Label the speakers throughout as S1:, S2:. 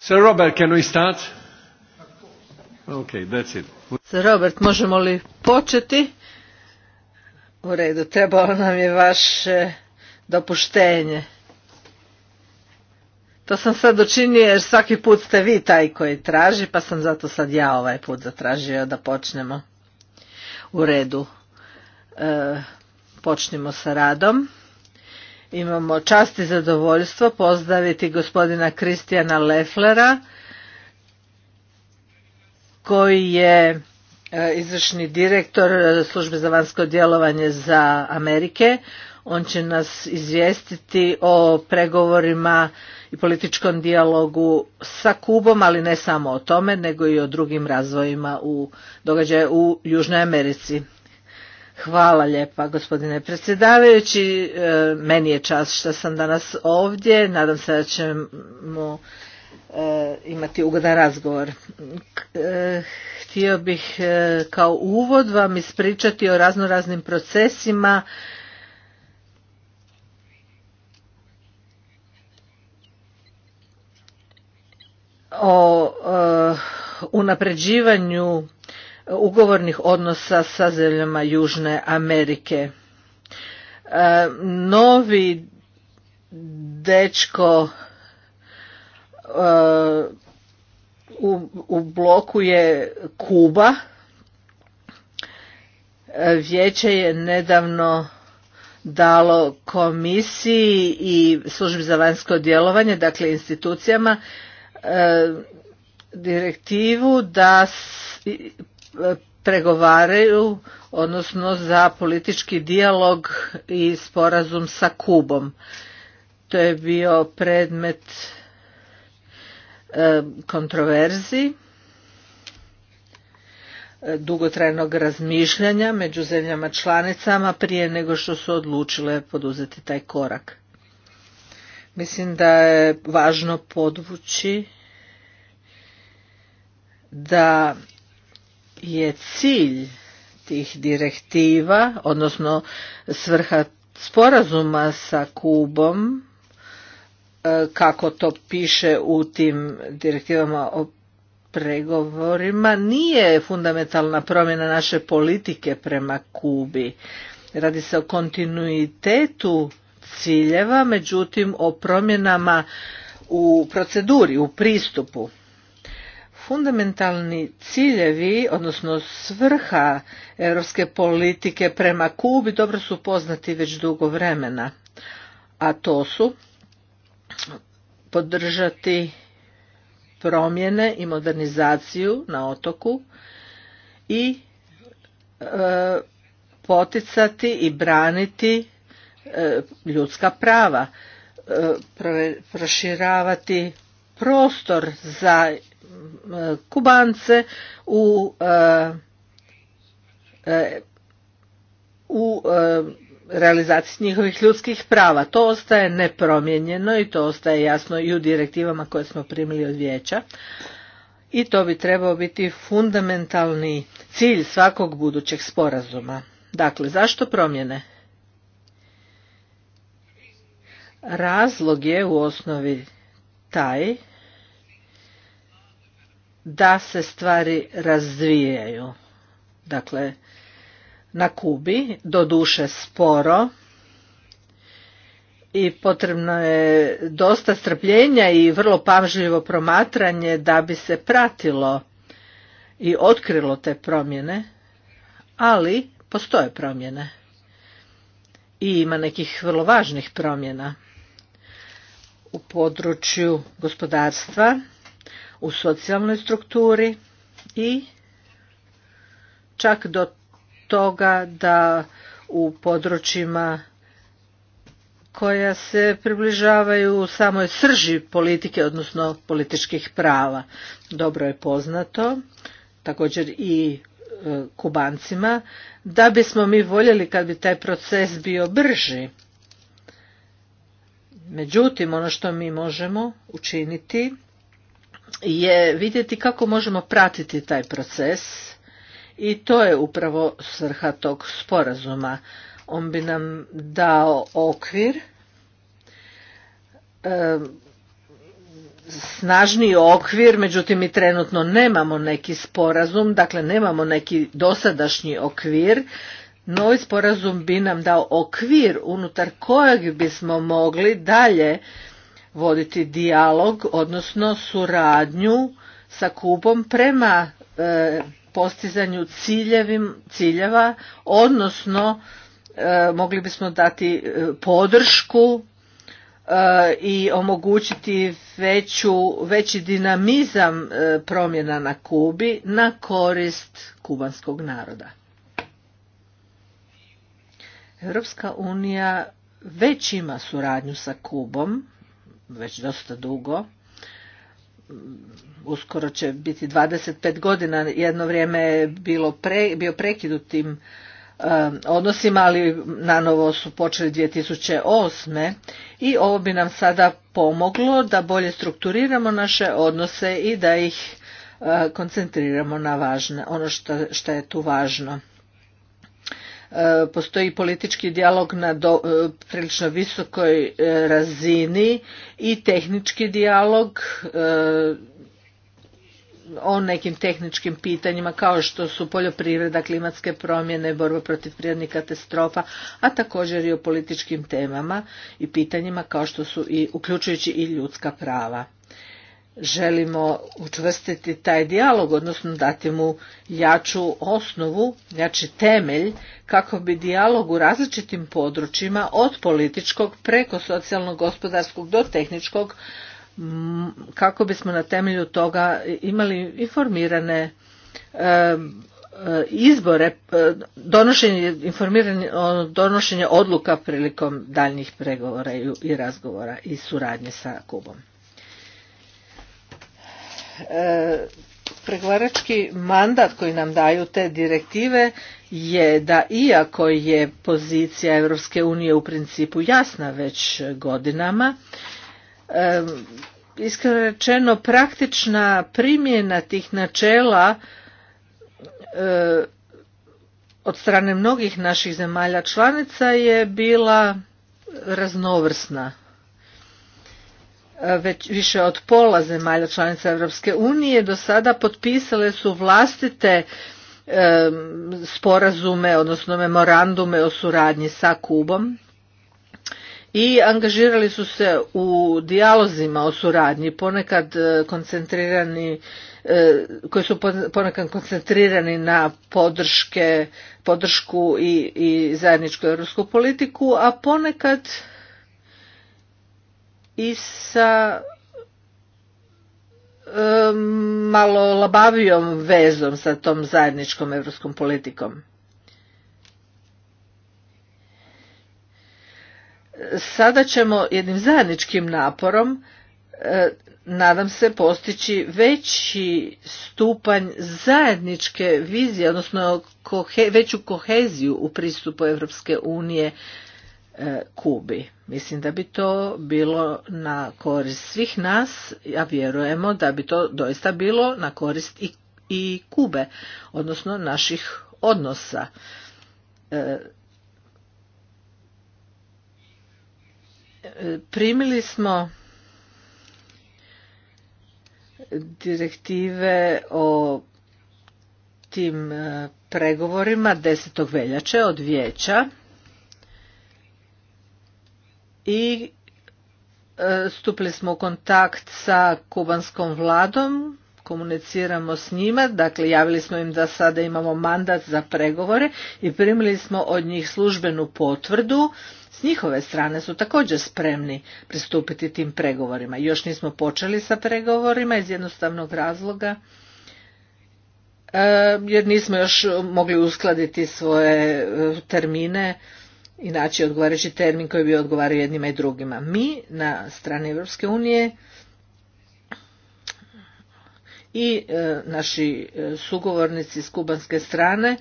S1: Sir Robert, can we start? Okay, that's it. Sir Robert, možemo li početi? U redu, trebalo nam je vaše dopuštenje. To sam sad učinio jer svaki put ste vi taj koji traži, pa sam zato sad ja ovaj put zatražio da počnemo. U redu. E, počnimo sa radom imamo čast i zadovoljstvo pozdraviti gospodina Kristijana Leflera koji je e, izvršni direktor službe za vanjsko djelovanje za Amerike. On će nas izvijestiti o pregovorima i političkom dijalogu sa Kubom, ali ne samo o tome, nego i o drugim razvojima u događaju u Južnoj Americi. Hvala lijepa gospodine predsjedavajući. E, meni je čast što sam danas ovdje. Nadam se da ćemo e, imati ugodan razgovor. E, htio bih kao uvod vam ispričati o raznoraznim procesima o unapređivanju ugovornih odnosa sa zemljama Južne Amerike. E, novi dečko e, u bloku je Kuba. E, vijeće je nedavno dalo komisiji i službi za vanjsko djelovanje, dakle institucijama, direktivu da pregovaraju, odnosno za politički dijalog i sporazum sa Kubom. To je bio predmet e, kontroverzi, e, dugotrajnog razmišljanja među zemljama članicama prije nego što su odlučile poduzeti taj korak. Mislim da je važno podvući da je cilj tih direktiva, odnosno svrha sporazuma sa Kubom, e, kako to piše u tim direktivama o pregovorima, nije fundamentalna promjena naše politike prema Kubi. Radi se o kontinuitetu ciljeva, međutim o promjenama u proceduri, u pristupu fundamentalni ciljevi, odnosno svrha europske politike prema Kubi dobro su poznati već dugo vremena, a to su podržati promjene i modernizaciju na otoku i e, poticati i braniti e, ljudska prava, e, proširavati prostor za Eh, Kubance u eh, eh, u realizaciji njihovih ljudskih prava. To ostaje nepromijenjeno i to ostaje jasno i u direktivama koje smo primili od vijeća. I to bi trebao biti fundamentalni cilj svakog budućeg sporazuma. Dakle, zašto promjene? Razlog je u osnovi taj da se stvari razvijaju. Dakle, na Kubi, doduše sporo, i potrebno je dosta strpljenja i vrlo pažljivo promatranje da bi se pratilo i otkrilo te promjene, ali postoje promjene i ima nekih vrlo važnih promjena u području gospodarstva u socijalnoj strukturi i čak do toga da u područjima koja se približavaju samoj srži politike, odnosno političkih prava. Dobro je poznato, također i e, kubancima, da bismo mi voljeli kad bi taj proces bio brži. Međutim, ono što mi možemo učiniti je vidjeti kako možemo pratiti taj proces i to je upravo svrha tog sporazuma. On bi nam dao okvir, snažniji okvir, međutim mi trenutno nemamo neki sporazum, dakle nemamo neki dosadašnji okvir. Novi sporazum bi nam dao okvir unutar kojeg bismo mogli dalje voditi dijalog, odnosno suradnju sa Kubom prema e, postizanju ciljevim, ciljeva, odnosno e, mogli bismo dati e, podršku i omogućiti veću, veći dinamizam promjena na Kubi na korist kubanskog naroda. Europska unija već ima suradnju sa Kubom već dosta dugo. Uskoro će biti 25 godina, jedno vrijeme je bilo pre, bio prekid u tim um, odnosima, ali novo su počeli 2008. I ovo bi nam sada pomoglo da bolje strukturiramo naše odnose i da ih uh, koncentriramo na važne, ono što, što je tu važno. E, postoji politički dijalog na e, prilično visokoj e, razini i tehnički dijalog o nekim tehničkim pitanjima kao što su poljoprivreda, klimatske promjene, borba protiv prirodnih katastrofa, a također i o političkim temama i pitanjima kao što su i uključujući i ljudska prava želimo učvrstiti taj dijalog, odnosno dati mu jaču osnovu, jači temelj kako bi dijalog u različitim područjima od političkog preko socijalnog, gospodarskog do tehničkog kako bismo na temelju toga imali informirane izbore, donošenje, informiranje, donošenje odluka prilikom daljnjih pregovora i razgovora i suradnje sa Kubom. E, pregovarački mandat koji nam daju te direktive je da iako je pozicija Europske unije u principu jasna već godinama, e, iskreno rečeno praktična primjena tih načela e, od strane mnogih naših zemalja članica je bila raznovrsna već više od pola zemalja članica Europske unije do sada potpisale su vlastite sporazume, odnosno memorandume o suradnji sa Kubom i angažirali su se u dijalozima o suradnji, ponekad e, koncentrirani e, koji su ponekad koncentrirani na podrške, podršku i, i zajedničku europsku politiku, a ponekad i sa e, malo labavijom vezom sa tom zajedničkom europskom politikom. Sada ćemo jednim zajedničkim naporom e, nadam se postići veći stupanj zajedničke vizije, odnosno veću koheziju u pristupu Europske unije E, Kubi. Mislim da bi to bilo na korist svih nas, a vjerujemo da bi to doista bilo na korist i, i Kube, odnosno naših odnosa. E, primili smo direktive o tim e, pregovorima 10. veljače od vijeća i e, stupili smo u kontakt sa kubanskom vladom, komuniciramo s njima, dakle javili smo im da sada imamo mandat za pregovore i primili smo od njih službenu potvrdu. S njihove strane su također spremni pristupiti tim pregovorima. Još nismo počeli sa pregovorima iz jednostavnog razloga e, jer nismo još mogli uskladiti svoje e, termine i naći odgovarajući termin koji bi odgovarao jednima i drugima. Mi na strani Europske unije i e, naši e, sugovornici s kubanske strane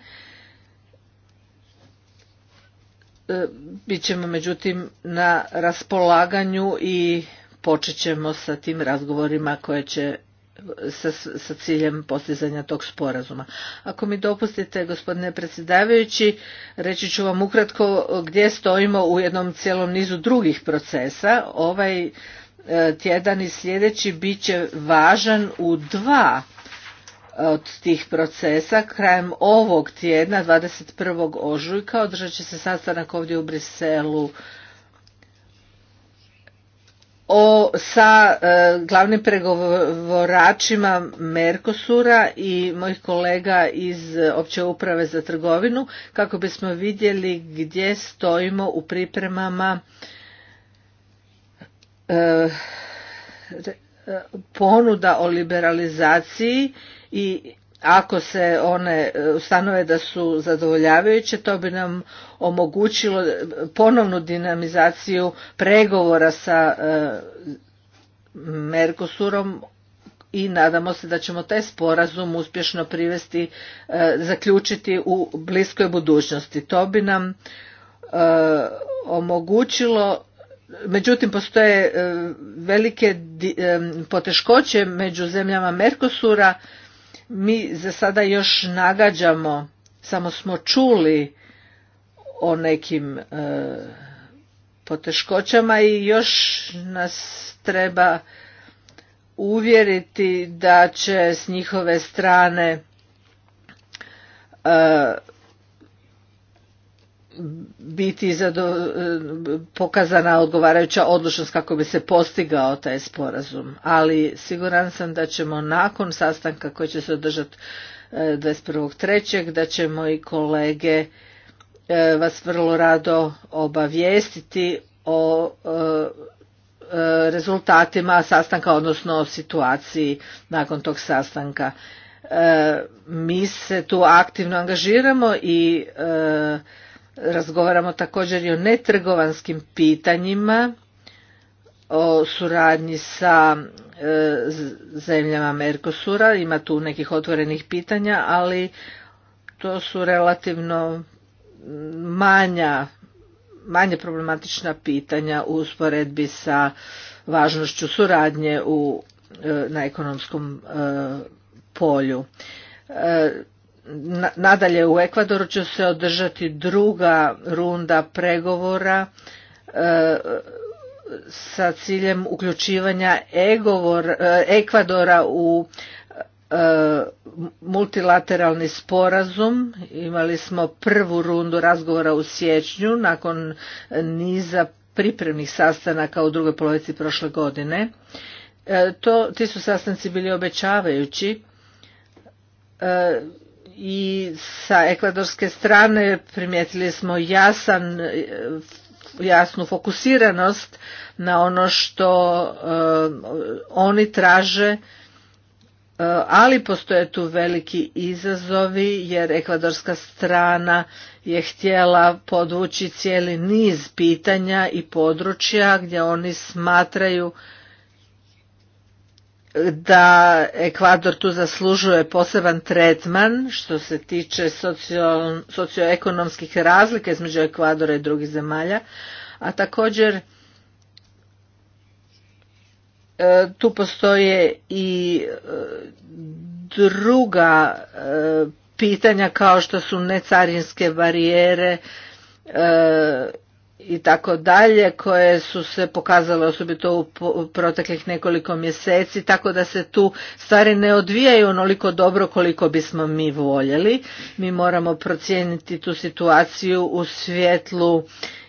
S1: e, bit ćemo međutim na raspolaganju i počet ćemo sa tim razgovorima koje će sa, sa ciljem postizanja tog sporazuma. Ako mi dopustite, gospodine predsjedavajući, reći ću vam ukratko gdje stojimo u jednom cijelom nizu drugih procesa. Ovaj e, tjedan i sljedeći bit će važan u dva e, od tih procesa. Krajem ovog tjedna, 21. ožujka, održat će se sastanak ovdje u Briselu o, sa e, glavnim pregovoračima Merkosura i mojih kolega iz opće uprave za trgovinu kako bismo vidjeli gdje stojimo u pripremama e, e ponuda o liberalizaciji i ako se one e, ustanove da su zadovoljavajuće, to bi nam omogućilo ponovnu dinamizaciju pregovora sa e, Mercosurom i nadamo se da ćemo taj sporazum uspješno privesti, e, zaključiti u bliskoj budućnosti. To bi nam omogućilo Međutim, postoje velike poteškoće među zemljama Merkosura mi za sada još nagađamo, samo smo čuli o nekim e, poteškoćama i još nas treba uvjeriti da će s njihove strane e, biti pokazana odgovarajuća odlučnost kako bi se postigao taj sporazum. Ali siguran sam da ćemo nakon sastanka koji će se održati 21.3. E, da ćemo i kolege e, vas vrlo rado obavijestiti o e, rezultatima sastanka, odnosno o situaciji nakon tog sastanka. Mi se tu aktivno angažiramo i Razgovaramo također i o netrgovanskim pitanjima, o suradnji sa e, zemljama Mercosura, ima tu nekih otvorenih pitanja, ali to su relativno manja, manje problematična pitanja u usporedbi sa važnošću suradnje u, e, na ekonomskom e, polju nadalje u Ekvadoru će se održati druga runda pregovora e, sa ciljem uključivanja e, Ekvadora u e, multilateralni sporazum. Imali smo prvu rundu razgovora u siječnju nakon niza pripremnih sastanaka u drugoj polovici prošle godine. To, ti su sastanci bili obećavajući i sa ekvadorske strane primijetili smo jasan jasnu fokusiranost na ono što e, oni traže e, ali postoje tu veliki izazovi jer ekvadorska strana je htjela podvući cijeli niz pitanja i područja gdje oni smatraju da Ekvador tu zaslužuje poseban tretman što se tiče socioekonomskih razlika između Ekvadora i drugih zemalja, a također e, tu postoje i e, druga e, pitanja kao što su necarinske barijere i tako dalje koje su se pokazale osobito u proteklih nekoliko mjeseci tako da se tu stvari ne odvijaju onoliko dobro koliko bismo mi voljeli mi moramo procijeniti tu situaciju u svjetlu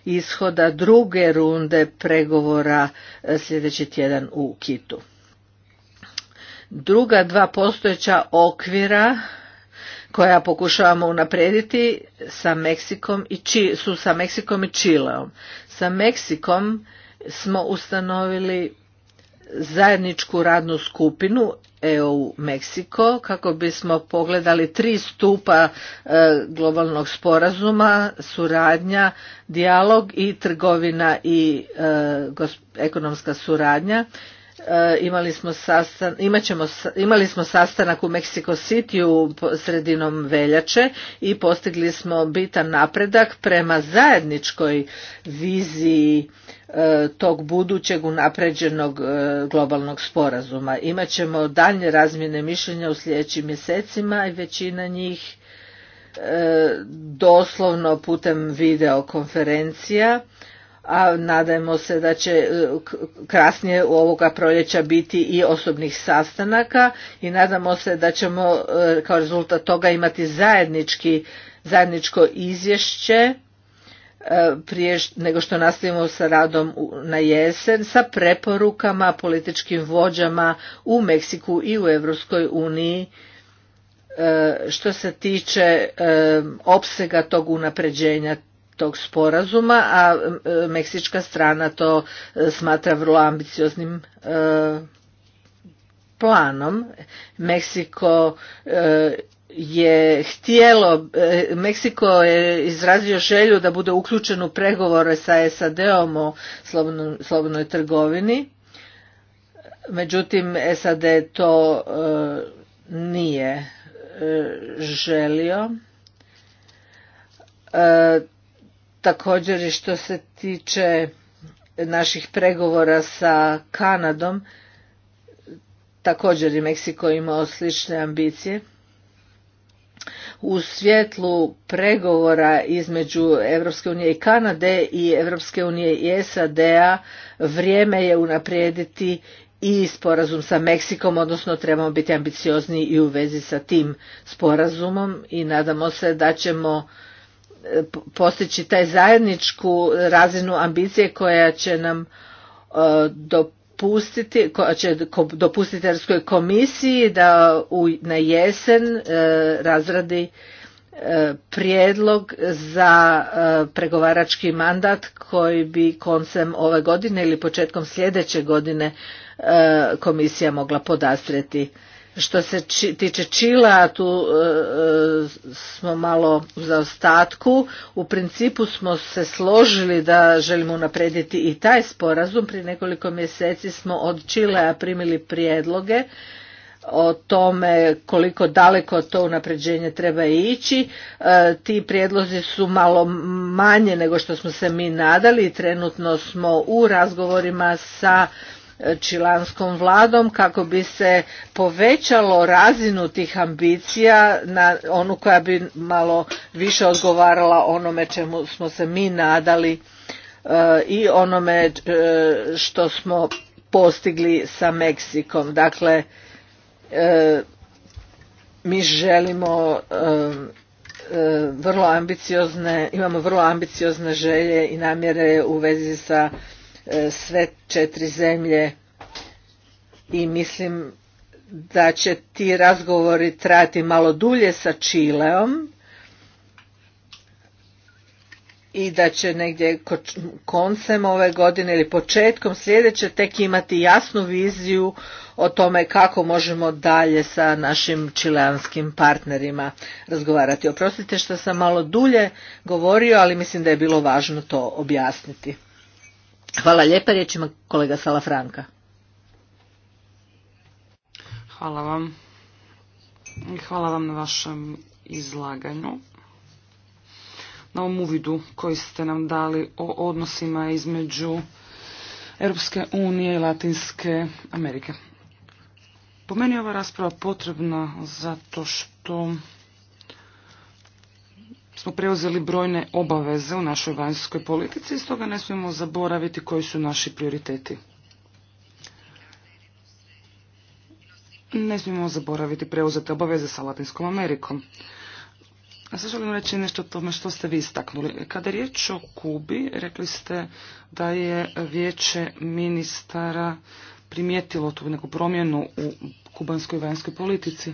S1: ishoda druge runde pregovora e, sljedeći tjedan u Kitu druga dva postojeća okvira koja pokušavamo unaprijediti sa Meksikom i Či, su sa Meksikom i Čileom. Sa Meksikom smo ustanovili zajedničku radnu skupinu EU Meksiko kako bismo pogledali tri stupa e, globalnog sporazuma, suradnja, dijalog i trgovina i e, ekonomska suradnja E, imali smo imali smo sastanak u Mexico City u sredinom veljače i postigli smo bitan napredak prema zajedničkoj viziji e, tog budućeg unapređenog e, globalnog sporazuma. Imaćemo dalje razmjene mišljenja u sljedećim mjesecima i većina njih doslovno putem videokonferencija a nadajmo se da će e, krasnije u ovoga proljeća biti i osobnih sastanaka i nadamo se da ćemo e, kao rezultat toga imati zajednički, zajedničko izvješće e, prije nego što nastavimo sa radom na jesen sa preporukama političkim vođama u Meksiku i u Europskoj uniji što se tiče opsega tog unapređenja tog sporazuma, a e, meksička strana to e, smatra vrlo ambicioznim e, planom. Meksiko je htjelo, Meksiko je izrazio želju da bude uključen u pregovore sa SAD-om o slobodnoj, trgovini, međutim SAD to nije želio. Također i što se tiče naših pregovora sa Kanadom, također i Meksiko imao slične ambicije. U svjetlu pregovora između Europske unije i Kanade i Europske unije i SAD-a vrijeme je unaprijediti i sporazum sa Meksikom, odnosno trebamo biti ambiciozni i u vezi sa tim sporazumom i nadamo se da ćemo postići taj zajedničku razinu ambicije koja će nam e, dopustiti, koja će dopustiti Europskoj komisiji da na jesen e, razradi e, prijedlog za pregovarački mandat koji bi koncem ove godine ili početkom sljedeće godine komisija mogla podastreti. Što se tiče Čila, tu e, e, smo malo u zaostatku. U principu smo se složili da želimo naprediti i taj sporazum. Prije nekoliko mjeseci smo od Čilea primili prijedloge o tome koliko daleko to unapređenje treba ići. E, ti prijedlozi su malo manje nego što smo se mi nadali i trenutno smo u razgovorima sa čilanskom vladom kako bi se povećalo razinu tih ambicija na onu koja bi malo više odgovarala onome čemu smo se mi nadali e, i onome e, što smo postigli sa Meksikom. Dakle, e, mi želimo vrlo ambiciozne, imamo vrlo ambiciozne želje i namjere u vezi sa E, sve četiri zemlje i mislim da će ti razgovori trajati malo dulje sa Čileom i da će negdje koncem ove godine ili početkom sljedeće tek imati jasnu viziju o tome kako možemo dalje sa našim čileanskim partnerima razgovarati. Oprostite što sam malo dulje govorio, ali mislim da je bilo važno to objasniti. Hvala lijepa, riječ ima kolega Salafranka.
S2: Hvala vam. Hvala vam na vašem izlaganju. Na ovom uvidu koji ste nam dali o odnosima između Europske unije i Latinske Amerike. Po meni je ova rasprava potrebna zato što smo preuzeli brojne obaveze u našoj vanjskoj politici i stoga ne smijemo zaboraviti koji su naši prioriteti. Ne smijemo zaboraviti preuzete obaveze sa Latinskom Amerikom. A sad želim reći nešto o tome što ste vi istaknuli. Kada je riječ o Kubi, rekli ste da je vijeće ministara primijetilo tu neku promjenu u kubanskoj vanjskoj politici.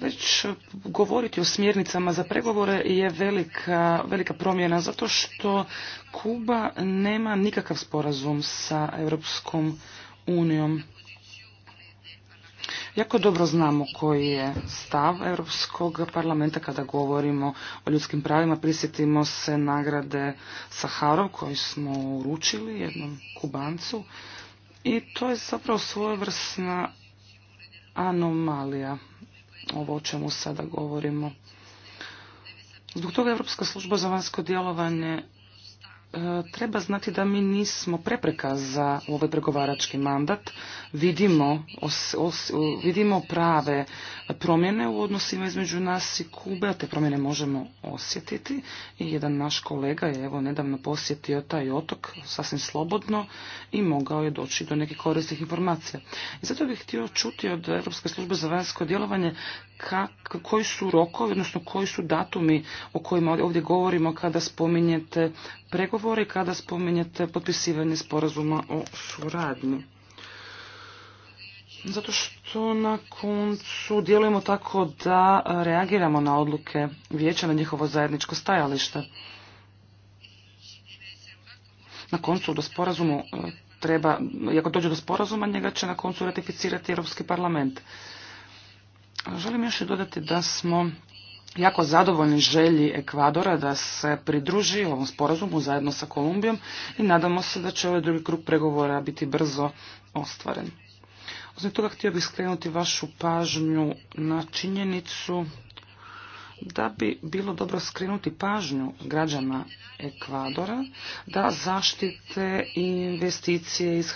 S2: Već govoriti o smjernicama za pregovore je velika, velika promjena zato što Kuba nema nikakav sporazum sa Europskom unijom. Jako dobro znamo koji je stav Europskog parlamenta kada govorimo o ljudskim pravima. Prisjetimo se nagrade Saharov koju smo uručili jednom Kubancu i to je zapravo svojevrsna anomalija, ovo o čemu sada govorimo. Zbog toga Europska služba za vanjsko djelovanje treba znati da mi nismo prepreka za ovaj pregovarački mandat. Vidimo, prave promjene u odnosima između nas i Kube, a te promjene možemo osjetiti. I jedan naš kolega je evo nedavno posjetio taj otok sasvim slobodno i mogao je doći do nekih korisnih informacija. I zato bih htio čuti od Europske službe za vanjsko djelovanje koji su rokovi, odnosno koji su datumi o kojima ovdje govorimo kada spominjete pregovore i kada spominjete potpisivanje sporazuma o suradnji. Zato što na koncu djelujemo tako da reagiramo na odluke vijeća na njihovo zajedničko stajalište. Na koncu do sporazumu e, treba, ako dođe do sporazuma, njega će na koncu ratificirati Europski parlament. Želim još i dodati da smo jako zadovoljni želji Ekvadora da se pridruži ovom sporazumu zajedno sa Kolumbijom i nadamo se da će ovaj drugi krug pregovora biti brzo ostvaren. Osim toga htio bih skrenuti vašu pažnju na činjenicu da bi bilo dobro skrenuti pažnju građana Ekvadora da zaštite investicije iz,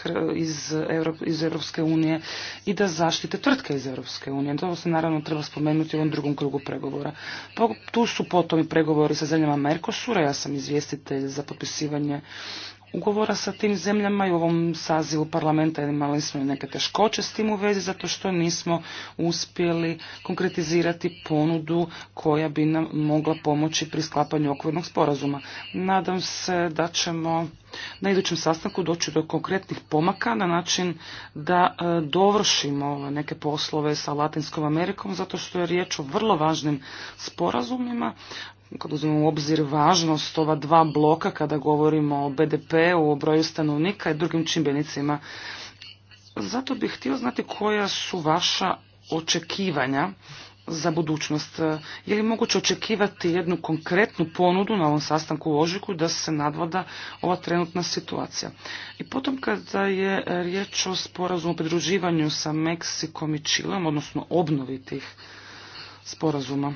S2: iz, Europske unije i da zaštite tvrtke iz Europske unije. To se naravno treba spomenuti u ovom drugom krugu pregovora. Tu su potom i pregovori sa zemljama Merkosura, ja sam izvjestitelj za potpisivanje ugovora sa tim zemljama i u ovom sazivu parlamenta imali smo neke teškoće s tim u vezi zato što nismo uspjeli konkretizirati ponudu koja bi nam mogla pomoći pri sklapanju okvirnog sporazuma. Nadam se da ćemo na idućem sastanku doći do konkretnih pomaka na način da e, dovršimo neke poslove sa Latinskom Amerikom zato što je riječ o vrlo važnim sporazumima kad uzmemo u obzir važnost ova dva bloka kada govorimo o BDP-u, o broju stanovnika i drugim čimbenicima. Zato bih htio znati koja su vaša očekivanja za budućnost. Je li moguće očekivati jednu konkretnu ponudu na ovom sastanku u Ožiku da se nadvoda ova trenutna situacija? I potom kada je riječ o sporazumu o pridruživanju sa Meksikom i Čilom, odnosno obnovi tih sporazuma.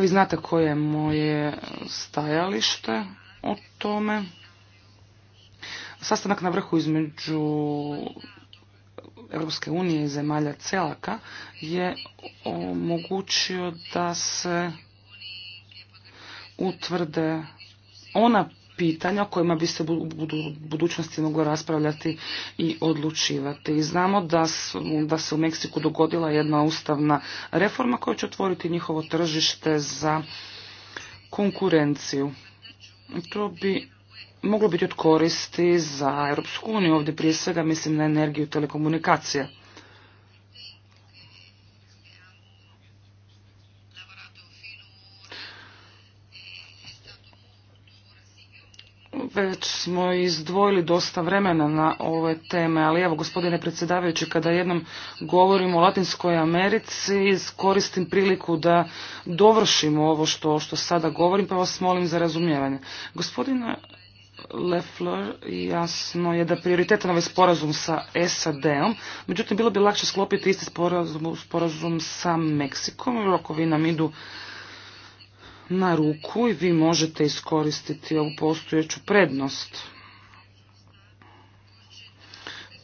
S2: Vi znate koje je moje stajalište o tome. Sastanak na vrhu između Europske unije i zemalja Celaka je omogućio da se utvrde ona pitanja o kojima bi se u budućnosti moglo raspravljati i odlučivati. znamo da, da se u Meksiku dogodila jedna ustavna reforma koja će otvoriti njihovo tržište za konkurenciju. To bi moglo biti od koristi za Europsku uniju, ovdje prije svega mislim na energiju telekomunikacije. Već smo izdvojili dosta vremena na ove teme, ali evo gospodine predsjedavajući, kada jednom govorimo o Latinskoj Americi, koristim priliku da dovršimo ovo što, što sada govorim, pa vas molim za razumijevanje. Gospodine Lefler, jasno je da prioritetan ovaj sporazum sa SAD-om, međutim bilo bi lakše sklopiti isti sporazum, sporazum sa Meksikom, rokovi nam idu na ruku i vi možete iskoristiti ovu postojeću prednost.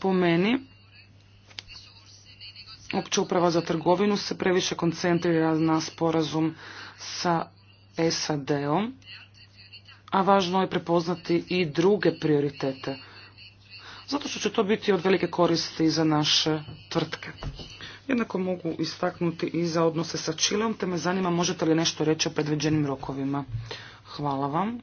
S2: Po meni, opća uprava za trgovinu se previše koncentrira na sporazum sa SAD-om, a važno je prepoznati i druge prioritete, zato što će to biti od velike koristi za naše tvrtke. Jednako mogu istaknuti i za odnose sa Čilom, te me zanima možete li nešto reći o predviđenim rokovima. Hvala vam.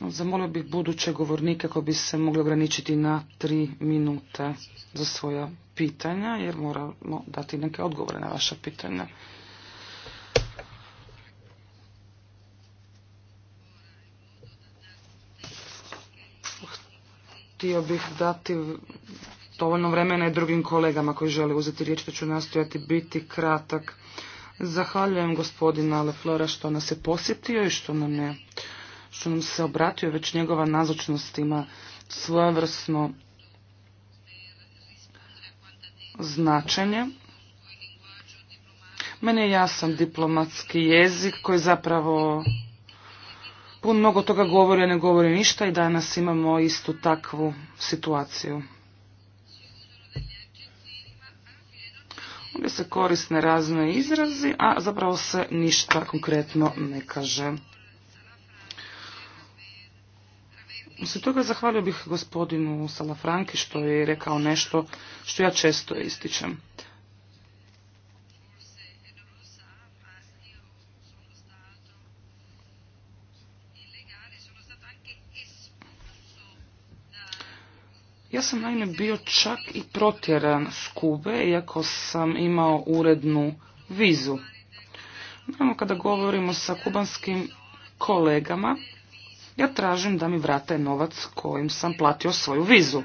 S2: Zamolio bih buduće govornike kako bi se mogli ograničiti na tri minute za svoja pitanja, jer moramo dati neke odgovore na vaša pitanja. Htio bih dati dovoljno vremena i drugim kolegama koji žele uzeti riječ, da pa ću nastojati biti kratak. Zahvaljujem gospodina Leflora što nas je posjetio i što nam je što nam se obratio, već njegova nazočnost ima svojevrsno značenje. Meni je jasan diplomatski jezik koji zapravo pun mnogo toga govori, a ne govori ništa i danas imamo istu takvu situaciju. gdje se korisne razne izrazi, a zapravo se ništa konkretno ne kaže. Osim toga zahvalio bih gospodinu Salafranki što je rekao nešto što ja često ističem. Ja sam naime bio čak i protjeran s Kube, iako sam imao urednu vizu. Naravno, kada govorimo sa kubanskim kolegama, ja tražim da mi vrate novac kojim sam platio svoju vizu.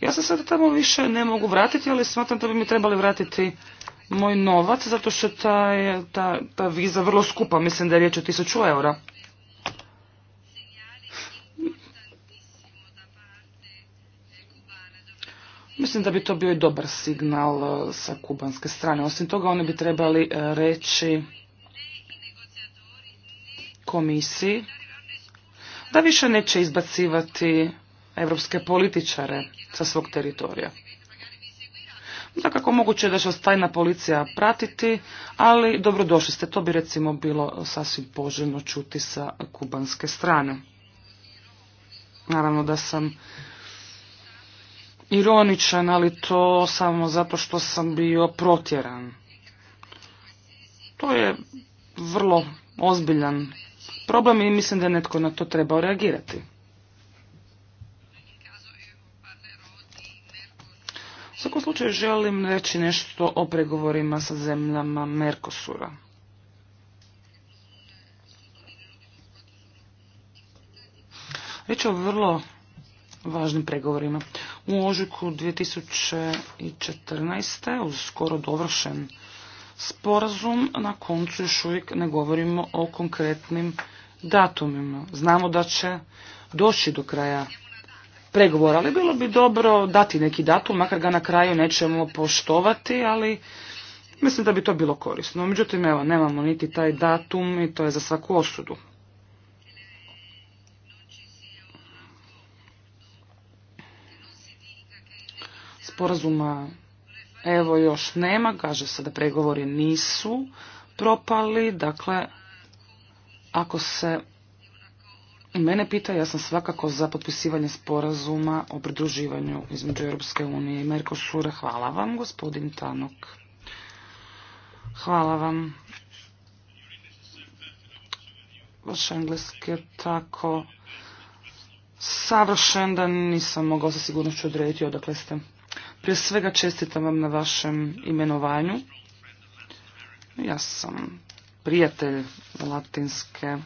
S2: Ja se sada tamo više ne mogu vratiti, ali smatram da bi mi trebali vratiti moj novac, zato što ta, ta, ta viza vrlo skupa, mislim da je riječ o 1000 eura. Mislim da bi to bio i dobar signal e, sa kubanske strane. Osim toga, oni bi trebali e, reći komisiji da više neće izbacivati evropske političare sa svog teritorija. kako moguće je da će vas tajna policija pratiti, ali dobrodošli ste. To bi recimo bilo sasvim poželjno čuti sa kubanske strane. Naravno da sam ironičan, ali to samo zato što sam bio protjeran. To je vrlo ozbiljan problem i mislim da je netko na to trebao reagirati. U svakom slučaju želim reći nešto o pregovorima sa zemljama Merkosura. Riječ je o vrlo važnim pregovorima u ožujku 2014. uz skoro dovršen sporazum. Na koncu još uvijek ne govorimo o konkretnim datumima. Znamo da će doći do kraja pregovora, ali bilo bi dobro dati neki datum, makar ga na kraju nećemo poštovati, ali mislim da bi to bilo korisno. Međutim, evo, nemamo niti taj datum i to je za svaku osudu. Sporazuma evo još nema, kaže se da pregovori nisu propali, dakle ako se mene pita, ja sam svakako za potpisivanje sporazuma o pridruživanju između Europske unije i Merkosura. Hvala vam, gospodin Tanok. Hvala vam. Vaš engleski je tako savršen da nisam mogao sa sigurnošću odrediti odakle ste. Prije svega čestitam vam na vašem imenovanju. Ja sam prijatelj Latinske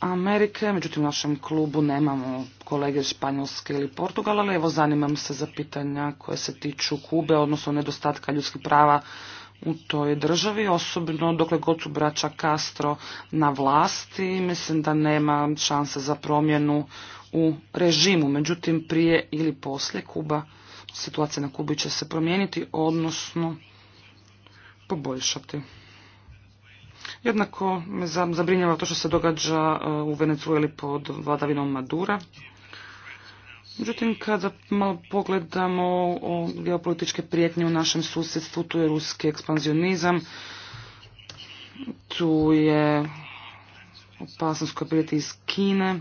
S2: Amerike, međutim u našem klubu nemamo kolege Španjolske ili Portugala, ali evo zanimam se za pitanja koje se tiču Kube, odnosno nedostatka ljudskih prava u toj državi, osobno dokle god su braća Castro na vlasti, mislim da nema šanse za promjenu u režimu. Međutim, prije ili poslije Kuba, situacija na Kubi će se promijeniti, odnosno poboljšati. Jednako me zabrinjava to što se događa uh, u Venezueli pod vladavinom Madura. Međutim, kada malo pogledamo geopolitičke prijetnje u našem susjedstvu, tu je ruski ekspanzionizam, tu je opasnost koja prijeti iz Kine,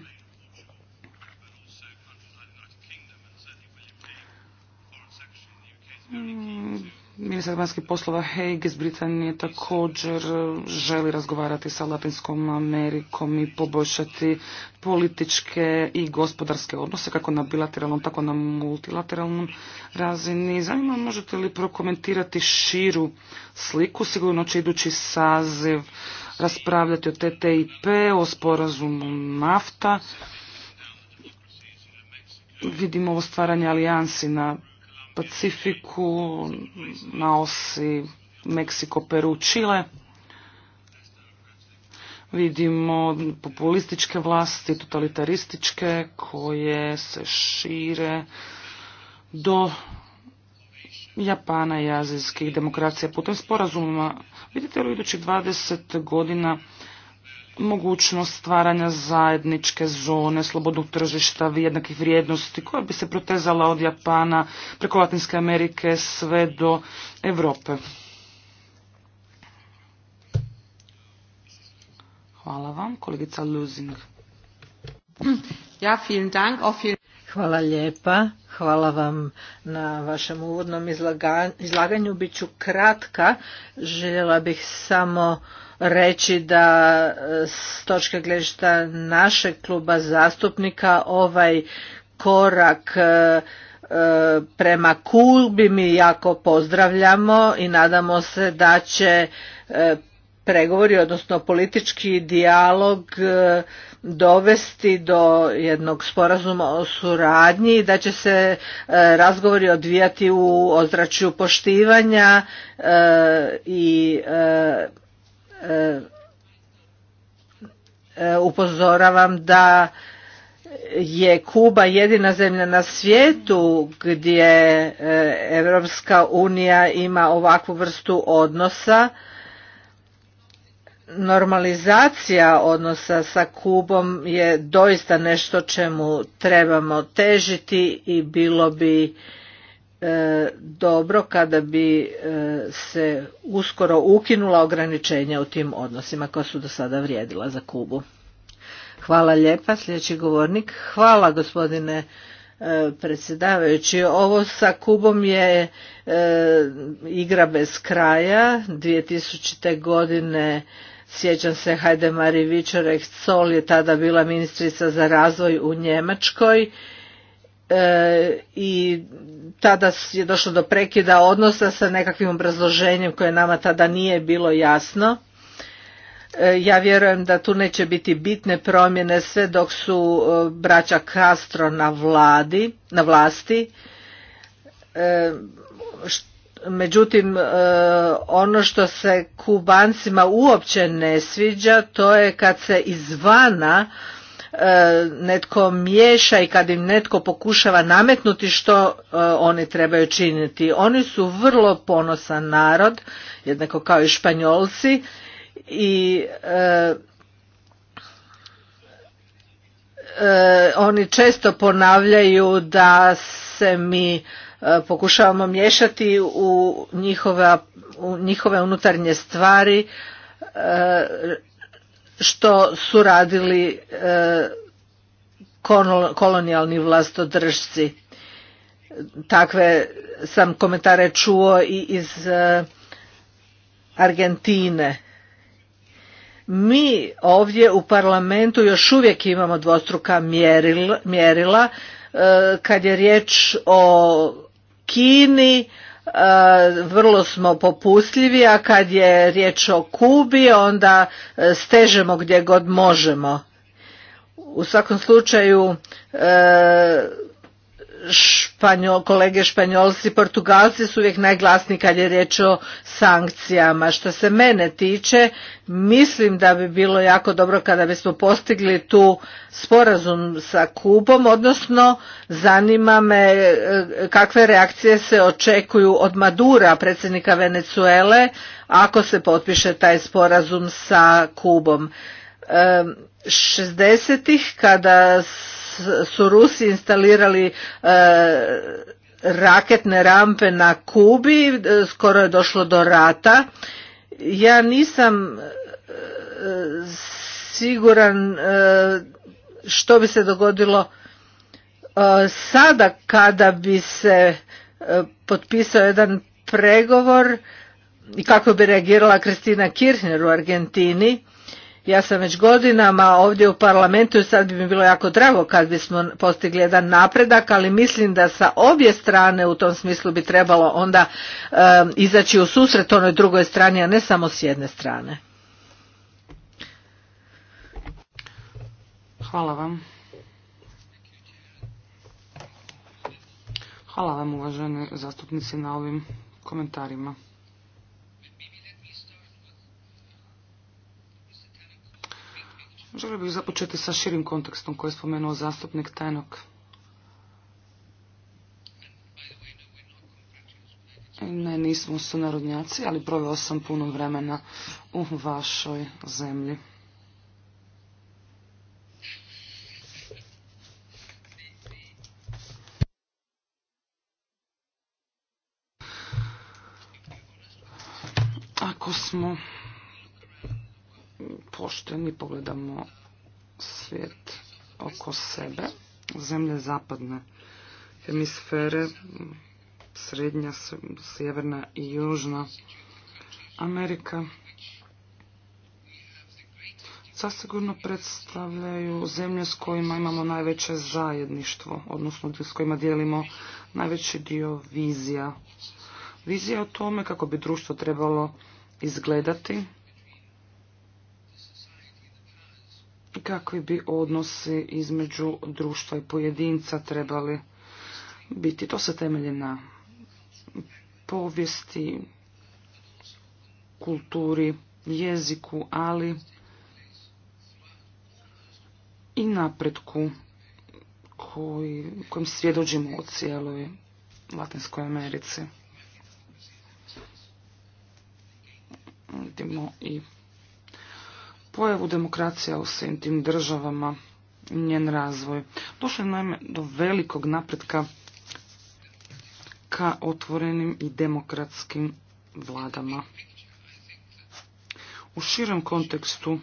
S1: Mm,
S2: ministar vanjskih poslova Haig iz Britanije također e, želi razgovarati sa Latinskom Amerikom i poboljšati političke i gospodarske odnose kako na bilateralnom tako na multilateralnom razini. Zanima možete li prokomentirati širu sliku, sigurno će idući saziv raspravljati o TTIP, o sporazumu NAFTA. Vidimo ovo stvaranje alijansi na Pacifiku, na osi Meksiko, Peru, Čile. Vidimo populističke vlasti, totalitarističke koje se šire do Japana i azijskih demokracija putem sporazuma. Vidite li u idućih 20 godina mogućnost stvaranja zajedničke zone, slobodnog tržišta, jednakih vrijednosti koja bi se protezala od Japana preko Latinske Amerike sve do Europe.
S1: Hvala vam, kolegica Lusing. Ja, vielen Dank, auch Hvala lijepa. Hvala vam na vašem uvodnom izlaganju. ću kratka. Željela bih samo reći da e, s točke gledišta našeg kluba zastupnika ovaj korak e, e, prema kulbi mi jako pozdravljamo i nadamo se da će pregovori, odnosno politički dijalog e, dovesti do jednog sporazuma o suradnji i da će se e, razgovori odvijati u ozračju poštivanja e, i upozoravam da je Kuba jedina zemlja na svijetu gdje Europska unija ima ovakvu vrstu odnosa normalizacija odnosa sa Kubom je doista nešto čemu trebamo težiti i bilo bi e, dobro kada bi e, se uskoro ukinula ograničenja u tim odnosima koja su do sada vrijedila za Kubu. Hvala lijepa, sljedeći govornik. Hvala gospodine e, predsjedavajući. Ovo sa Kubom je igra bez kraja. 2000. godine Sjećam se Hajde Mari Vičorek Sol je tada bila ministrica za razvoj u Njemačkoj e, i tada je došlo do prekida odnosa sa nekakvim obrazloženjem koje nama tada nije bilo jasno. E, ja vjerujem da tu neće biti bitne promjene sve dok su e, braća Castro na, vladi, na vlasti. Što Međutim, e, ono što se kubancima uopće ne sviđa, to je kad se izvana e, netko miješa i kad im netko pokušava nametnuti što e, oni trebaju činiti. Oni su vrlo ponosan narod, jednako kao i španjolci i oni često ponavljaju da se mi E, pokušavamo miješati u njihove, u njihove unutarnje stvari e, što su radili e, kolonijalni vlastodržci. Takve sam komentare čuo i iz Argentine. Mi ovdje u parlamentu još uvijek imamo dvostruka mjerila kad je riječ o Kini e, vrlo smo popustljivi, a kad je riječ o Kubi onda e, stežemo gdje god možemo. U svakom slučaju e, kolege Španjolci i Portugalci su uvijek najglasniji kad je riječ o sankcijama. Što se mene tiče, mislim da bi bilo jako dobro kada bismo postigli tu sporazum sa Kubom, odnosno zanima me e, kakve reakcije se očekuju od Madura, predsjednika Venezuele, ako se potpiše taj sporazum sa Kubom. 60-ih e, kada su Rusi instalirali e, raketne rampe na Kubi, e, skoro je došlo do rata. Ja nisam e, siguran što bi se dogodilo sada kada bi se potpisao jedan pregovor i kako bi reagirala Kristina Kirchner u Argentini ja sam već godinama ovdje u parlamentu i sad bi mi bilo jako drago kad bismo postigli jedan napredak, ali mislim da sa obje strane u tom smislu bi trebalo onda izaći u susret onoj drugoj strani, a ne samo s jedne strane. Hvala vam. Hvala
S2: vam uvažene zastupnici na ovim komentarima. Želio bih započeti sa širim kontekstom koji je spomenuo zastupnik Tajnok. Ne, nismo sunarodnjaci, ali proveo sam puno vremena u vašoj zemlji. Ako smo pošteni, pogledamo svijet oko sebe, zemlje zapadne hemisfere, srednja, sjeverna i južna Amerika sasigurno predstavljaju zemlje s kojima imamo najveće zajedništvo, odnosno s kojima dijelimo najveći dio vizija. Vizija o tome kako bi društvo trebalo izgledati, kakvi bi odnosi između društva i pojedinca trebali biti. To se temelji na povijesti, kulturi, jeziku, ali i napretku koji, kojim svjedođimo u cijeloj Latinskoj Americi. Vidimo i pojavu demokracija u svim tim državama i njen razvoj. Došlo je naime do velikog napretka ka otvorenim i demokratskim vladama. U širem kontekstu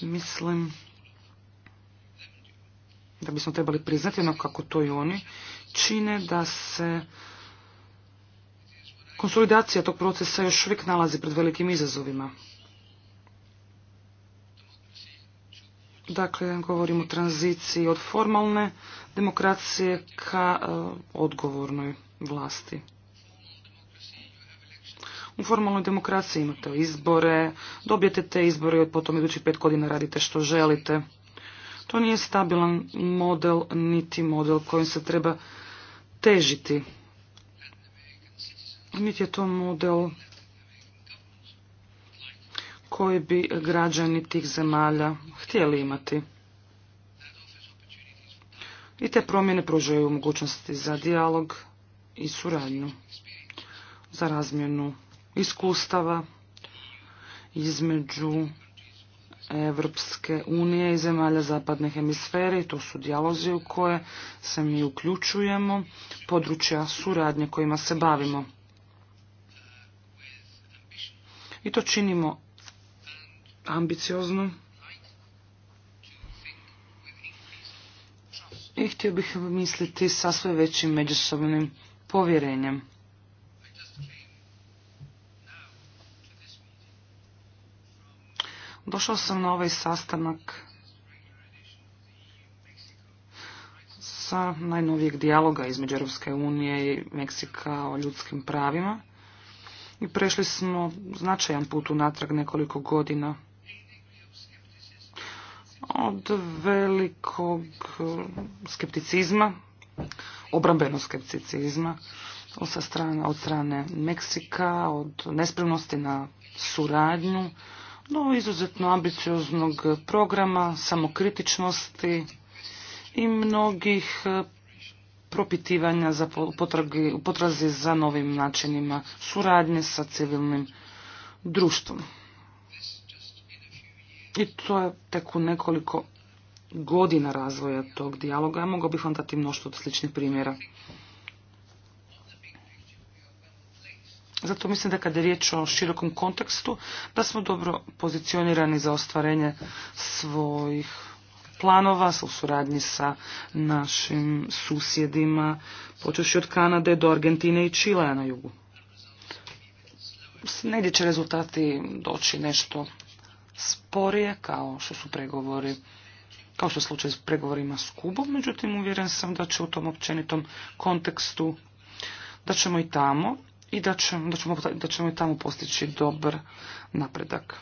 S2: mislim da bismo trebali priznati no kako to i oni čine da se konsolidacija tog procesa još uvijek nalazi pred velikim izazovima. Dakle, govorimo o tranziciji od formalne demokracije ka e, odgovornoj vlasti. U formalnoj demokraciji imate izbore, dobijete te izbore i potom idućih pet godina radite što želite. To nije stabilan model, niti model kojim se treba težiti. Niti je to model koje bi građani tih zemalja htjeli imati. I te promjene pružaju mogućnosti za dijalog i suradnju, za razmjenu iskustava između Evropske unije i zemalja zapadne hemisfere i to su dijalozi u koje se mi uključujemo, područja suradnje kojima se bavimo. I to činimo ambiciozno. I htio bih misliti sa sve većim međusobnim povjerenjem. Došao sam na ovaj sastanak sa najnovijeg dijaloga između Europske unije i Meksika o ljudskim pravima. I prešli smo značajan put unatrag nekoliko godina od velikog skepticizma, obrambenog skepticizma sa strane, od strane Meksika, od nespremnosti na suradnju, do izuzetno ambicioznog programa, samokritičnosti i mnogih e, propitivanja za potrazi za novim načinima suradnje sa civilnim društvom. I to je tek u nekoliko godina razvoja tog dijaloga. Ja mogu bih vam dati mnoštvo sličnih primjera. Zato mislim da kada je riječ o širokom kontekstu, da smo dobro pozicionirani za ostvarenje svojih planova u suradnji sa našim susjedima, počeši od Kanade do Argentine i Čilea na jugu. Negdje će rezultati doći nešto sporije kao što su pregovori kao što je slučaj s pregovorima s Kubom, međutim uvjeren sam da će u tom općenitom kontekstu da ćemo i tamo i da ćemo, da ćemo, da ćemo i tamo postići dobar napredak.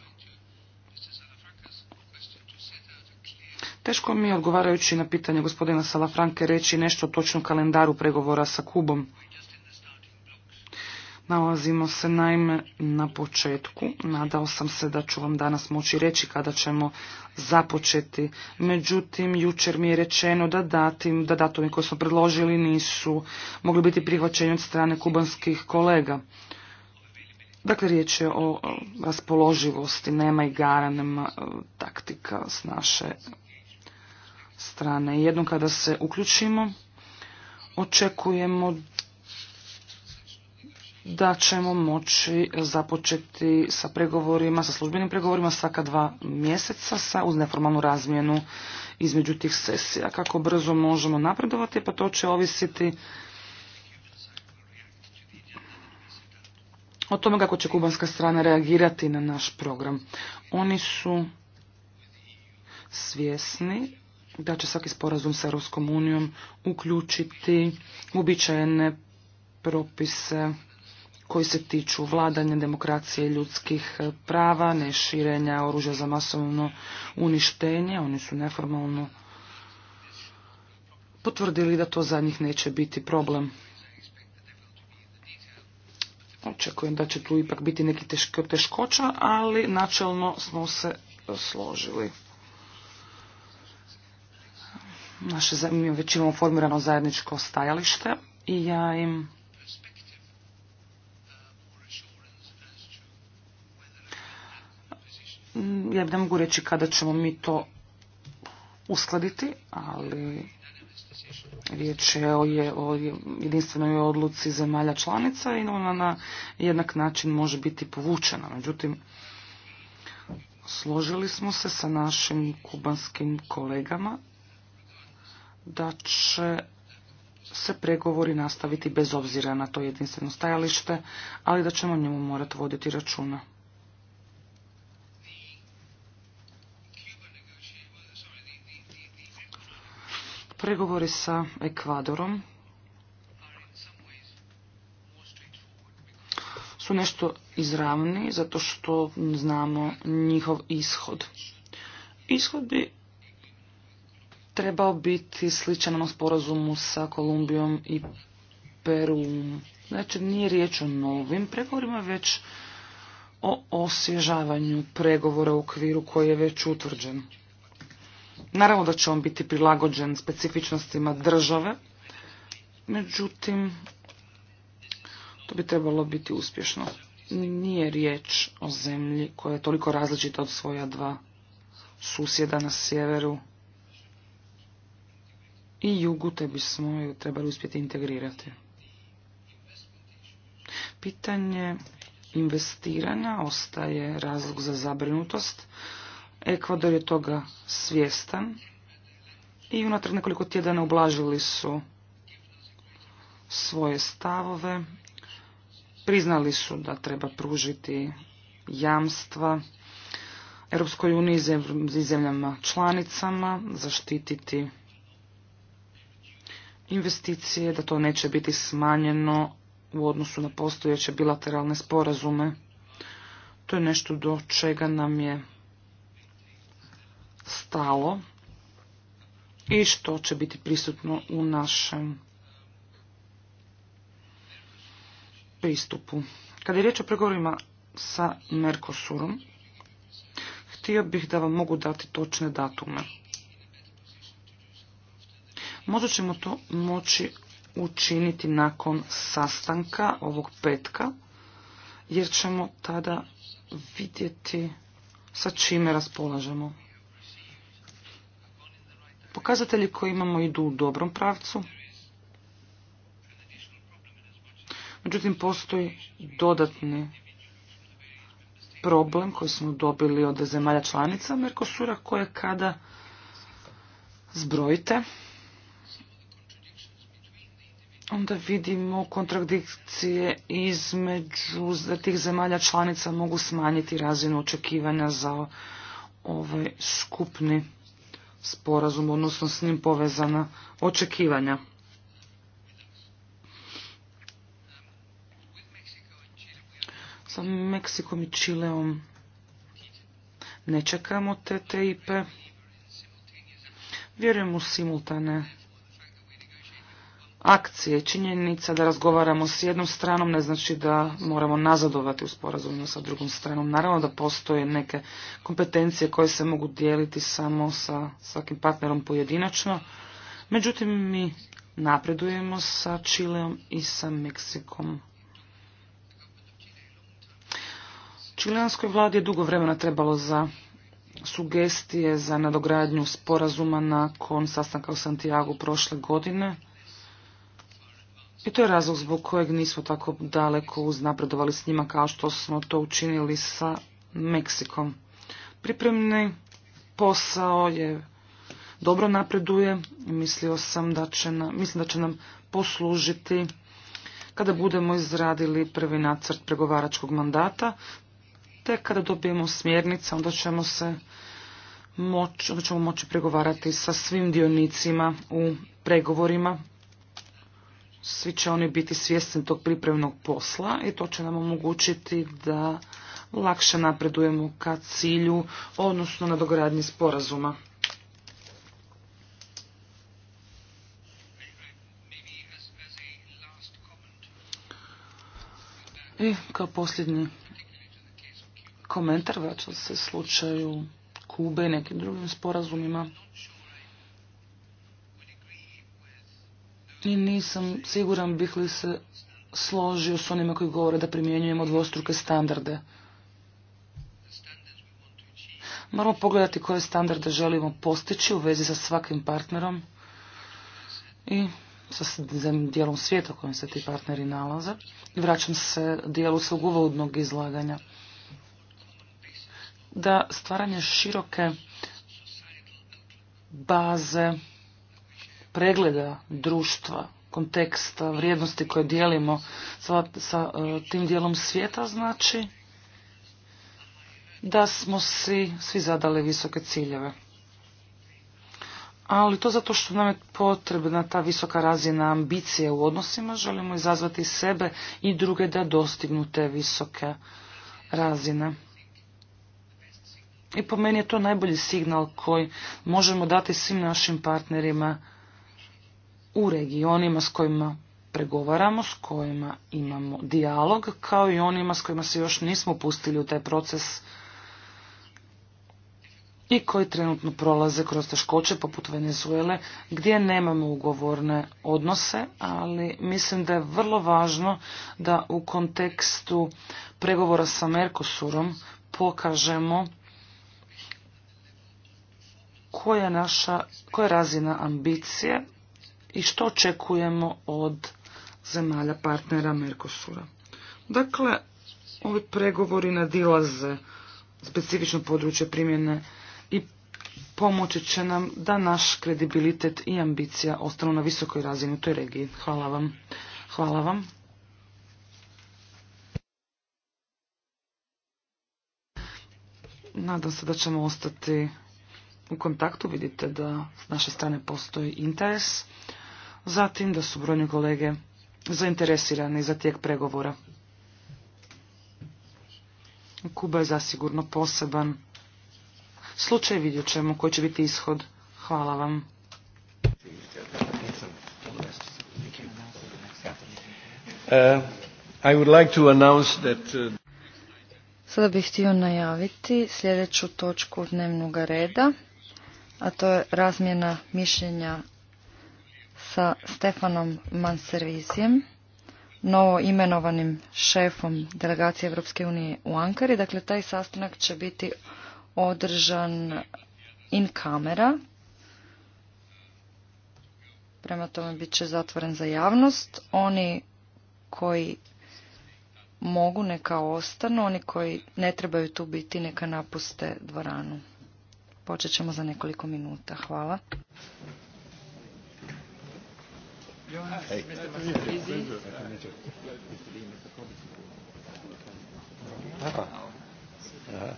S2: Teško mi je odgovarajući na pitanje gospodina Salafranke reći nešto o točnom kalendaru pregovora sa Kubom. Nalazimo se naime na početku. Nadao sam se da ću vam danas moći reći kada ćemo započeti. Međutim, jučer mi je rečeno da, datim, da datumi koje smo predložili nisu mogli biti prihvaćeni od strane kubanskih kolega. Dakle, riječ je o raspoloživosti, nema igara, nema e, taktika s naše strane. Jednom kada se uključimo, očekujemo da ćemo moći započeti sa pregovorima, sa službenim pregovorima svaka dva mjeseca sa, uz neformalnu razmjenu između tih sesija. Kako brzo možemo napredovati, pa to će ovisiti o tome kako će kubanska strana reagirati na naš program. Oni su svjesni da će svaki sporazum sa Europskom unijom uključiti uobičajene propise koji se tiču vladanja demokracije ljudskih e, prava, neširenja oružja za masovno uništenje. Oni su neformalno potvrdili da to za njih neće biti problem. Očekujem da će tu ipak biti neki teškoća, ali načelno smo se složili. Naše, mi već imamo formirano zajedničko stajalište i ja im ja ne mogu reći kada ćemo mi to uskladiti, ali riječ je o, je, o jedinstvenoj odluci zemalja članica i ona na jednak način može biti povučena. Međutim, složili smo se sa našim kubanskim kolegama da će se pregovori nastaviti bez obzira na to jedinstveno stajalište, ali da ćemo njemu morati voditi računa. Pregovori sa Ekvadorom su nešto izravni zato što znamo njihov ishod. Ishod bi trebao biti sličan onom sporazumu sa Kolumbijom i Peru. Znači, nije riječ o novim pregovorima, već o osvježavanju pregovora u okviru koji je već utvrđen. Naravno da će on biti prilagođen specifičnostima države, međutim, to bi trebalo biti uspješno. Nije riječ o zemlji koja je toliko različita od svoja dva susjeda na sjeveru i jugu, te bismo ju trebali uspjeti integrirati. Pitanje investiranja ostaje razlog za zabrinutost. Ekvador je toga svjestan i unatrag nekoliko tjedana ublažili su svoje stavove, priznali su da treba pružiti jamstva Europskoj uniji i zemljama članicama, zaštititi investicije, da to neće biti smanjeno u odnosu na postojeće bilateralne sporazume. To je nešto do čega nam je stalo i što će biti prisutno u našem pristupu. Kada je riječ o pregovorima sa Mercosurom, htio bih da vam mogu dati točne datume. Možda ćemo to moći učiniti nakon sastanka ovog petka, jer ćemo tada vidjeti sa čime raspolažemo. Pokazatelji koji imamo idu u dobrom pravcu. Međutim, postoji dodatni problem koji smo dobili od zemalja članica Merkosura koje kada zbrojite onda vidimo kontradikcije između da tih zemalja članica mogu smanjiti razinu očekivanja za ovaj skupni sporazum, odnosno s njim povezana očekivanja. Sa Meksikom i Čileom ne čekamo TTIP. Vjerujem u simultane akcije. Činjenica da razgovaramo s jednom stranom ne znači da moramo nazadovati u sporazumu sa drugom stranom. Naravno da postoje neke kompetencije koje se mogu dijeliti samo sa svakim partnerom pojedinačno. Međutim, mi napredujemo sa Čileom i sa Meksikom. Čileanskoj vladi je dugo vremena trebalo za sugestije za nadogradnju sporazuma nakon sastanka u Santiago prošle godine. I to je razlog zbog kojeg nismo tako daleko uznapredovali s njima kao što smo to učinili sa Meksikom. Pripremni posao je dobro napreduje. i Mislio sam da će nam, mislim da će nam poslužiti kada budemo izradili prvi nacrt pregovaračkog mandata, te kada dobijemo smjernice, onda ćemo se moći, onda ćemo moći pregovarati sa svim dionicima u pregovorima svi će oni biti svjesni tog pripremnog posla i to će nam omogućiti da lakše napredujemo ka cilju, odnosno na dogradnji sporazuma. I kao posljednji komentar vraćao se slučaju Kube i nekim drugim sporazumima. i nisam siguran bih li se složio s onima koji govore da primjenjujemo dvostruke standarde. Moramo pogledati koje standarde želimo postići u vezi sa svakim partnerom i sa dijelom svijeta u kojem se ti partneri nalaze. I vraćam se dijelu svog uvodnog izlaganja. Da stvaranje široke baze pregleda društva, konteksta, vrijednosti koje dijelimo sa, sa e, tim dijelom svijeta znači da smo si svi zadali visoke ciljeve. Ali to zato što nam je potrebna ta visoka razina ambicije u odnosima, želimo izazvati sebe i druge da dostignu te visoke razine. I po meni je to najbolji signal koji možemo dati svim našim partnerima u regionima s kojima pregovaramo, s kojima imamo dijalog, kao i onima s kojima se još nismo pustili u taj proces i koji trenutno prolaze kroz teškoće poput Venezuele, gdje nemamo ugovorne odnose, ali mislim da je vrlo važno da u kontekstu pregovora sa Mercosurom pokažemo koja naša, koja razina ambicije i što očekujemo od zemalja partnera Mercosura. Dakle, ovi pregovori nadilaze specifično područje primjene i pomoći će nam da naš kredibilitet i ambicija ostanu na visokoj razini u toj regiji. Hvala vam. Hvala vam. Nadam se da ćemo ostati u kontaktu. Vidite da s naše strane postoji interes zatim da su brojni kolege zainteresirani za tijek pregovora. Kuba je zasigurno poseban. Slučaj vidjet ćemo koji će biti ishod. Hvala vam.
S1: Uh, uh,
S2: Sada bih htio najaviti sljedeću točku dnevnog reda, a to je razmjena mišljenja sa Stefanom Manservisijem, novo imenovanim šefom delegacije Europske unije u Ankari. Dakle, taj sastanak će biti održan in kamera. Prema tome bit će zatvoren za javnost. Oni koji mogu neka ostanu, oni koji ne trebaju tu biti neka napuste dvoranu. Počet ćemo za nekoliko minuta. Hvala. Hey. Ah. Uh,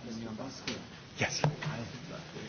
S2: yes.